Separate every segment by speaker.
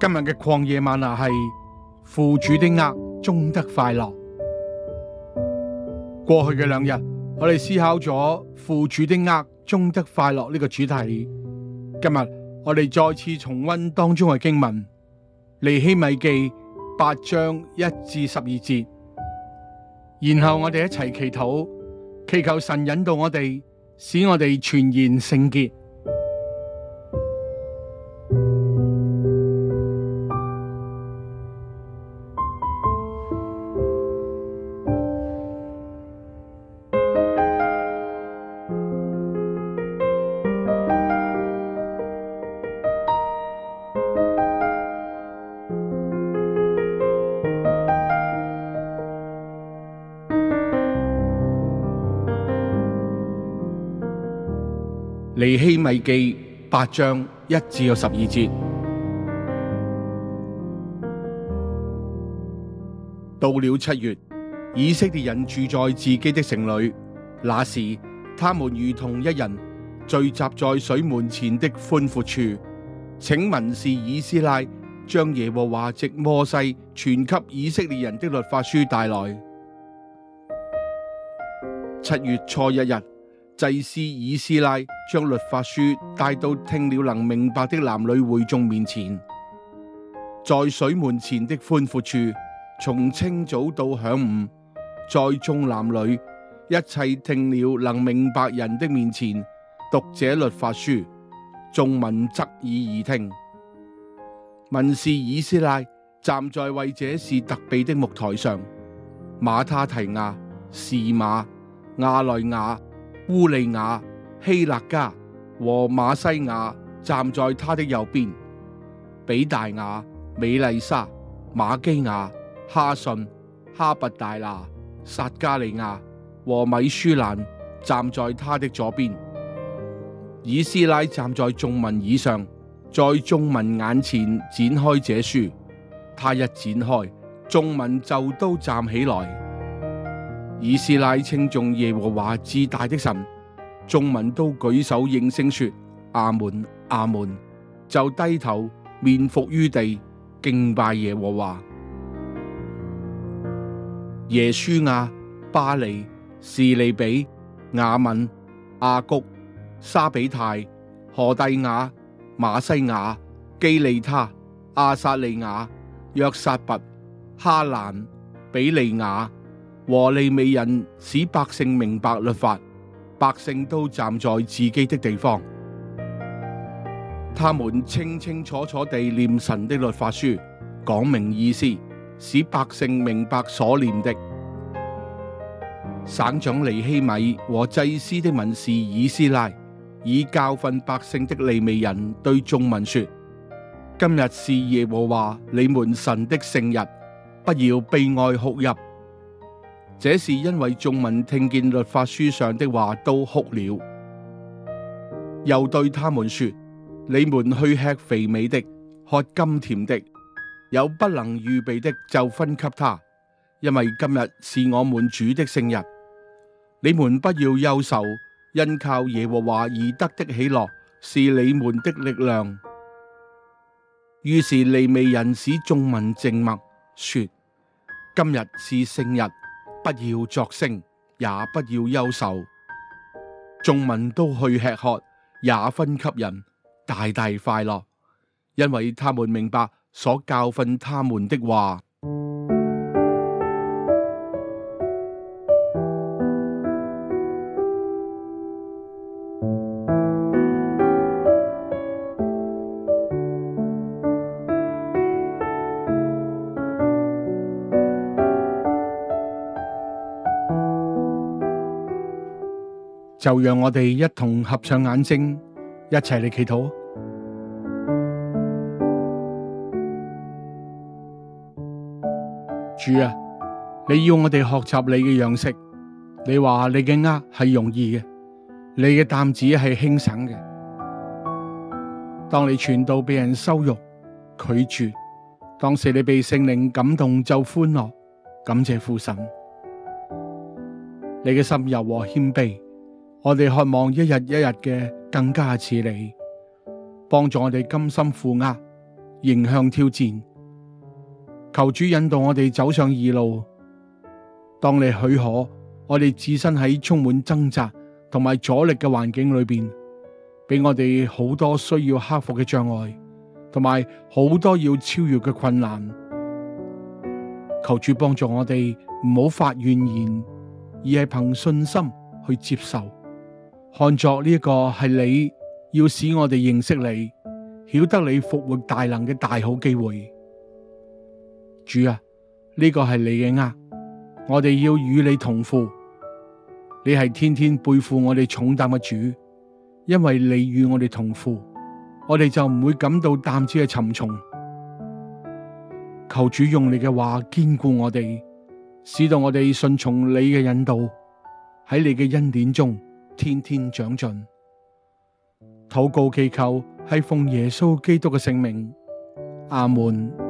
Speaker 1: 今日嘅曠野嗎哪係負主的軛終得快樂。過去嘅兩日，我哋思考咗負主的軛終得快樂呢、這個主題。今日我哋再次重温當中嘅經文尼希米記，八章一至十二節，然後我哋一齊祈禱，祈求神引導我哋，使我哋全然聖潔。尼希米記八章一至十二節。到了七月，以色列人住在自己的城裏，那時他們如同一人，聚集在水門前的寬闊處。請文士以斯拉將耶和華藉摩西傳給以色列人的律法書帶來。七月初一日。祭司以斯拉將律法書帶到聽了能明白的男女會眾面前，在水門前的寬闊處，從清早到晌午，在眾男女一切聽了能明白人的面前讀這律法書，眾民側耳而聽。文士以斯拉站在為這事特備的木台上，馬他提亞、士馬、亞內亞。烏利亞、希勒加和馬西亞站在他的右邊；比大雅、美麗莎、瑪基亞、哈順、哈拔大拿、撒加利亞和米舒蘭站在他的左邊。以斯拉站在眾民以上，在眾民眼前展開這書，他一展開，眾民就都站起來。以斯拉稱頌耶和華至大的神，眾民都舉手應聲說，阿門阿門就低頭面伏於地敬拜耶和華。耶書亞、巴黎、士利比、雅敏、阿谷、沙比泰、荷大雅、馬西亞、基利他、阿撒利亞、約撒拔、哈蘭、比利亞。和利未人使百姓明白律法，百姓都站在自己的地方，他們清清楚楚地念神的律法書，講明意思，使百姓明白所念的。省長尼希米和祭司的文士以斯拉，以教訓百姓的利未人對眾民說：今日是耶和華你們神的聖日，不要悲哀哭泣。這是因為眾民聽見律法書上的話都哭了，又對他們說：你們去吃肥美的，喝甘甜的，有不能預備的就分給他，因為今日是我們主的聖日。你們不要憂愁，因靠耶和華而得的喜樂是你們的力量。於是利未人使眾民靜默，說：今日是聖日。不要作聲，也不要憂愁。眾民都去吃喝，也分給人，大大快樂，因為他們明白所教訓他們的話。就讓我哋一同合上眼睛，一齊嚟祈禱。主啊，你要我哋學習你嘅樣式。你話你嘅軛係容易嘅，你嘅擔子係輕省嘅。當你傳道被人羞辱拒絕，當時你被聖靈感動就歡樂，感謝父神。你嘅心柔和謙卑。我哋渴望一日一日嘅更加似你，幫助我哋甘心負軛，迎向挑戰。求主引導我哋走上二路。當你許可，我哋置身喺充滿掙扎同埋阻力嘅環境裏邊，俾我哋好多需要克服嘅障礙，同埋好多要超越嘅困難。求主幫助我哋唔好發怨言，而係憑信心去接受。看作呢個係你要使我哋認識你，曉得你復活大能嘅大好機會。主啊，呢、這個係你嘅軛，我哋要與你同負。你係天天背負我哋重擔嘅主，因為你與我哋同負，我哋就唔會感到擔子嘅沉重。求主用你嘅話堅固我哋，使到我哋順從你嘅引導，喺你嘅恩典中。天天長進，禱告祈求係奉耶穌基督嘅聖名，阿門。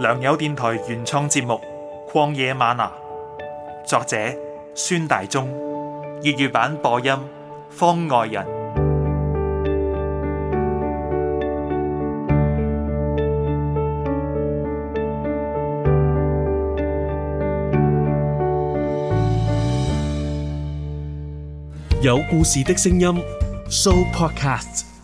Speaker 1: 良友電台原創節目《曠野嗎哪》，作者孫大中，粵語版播音方外人，有故事的聲音，Show Podcast。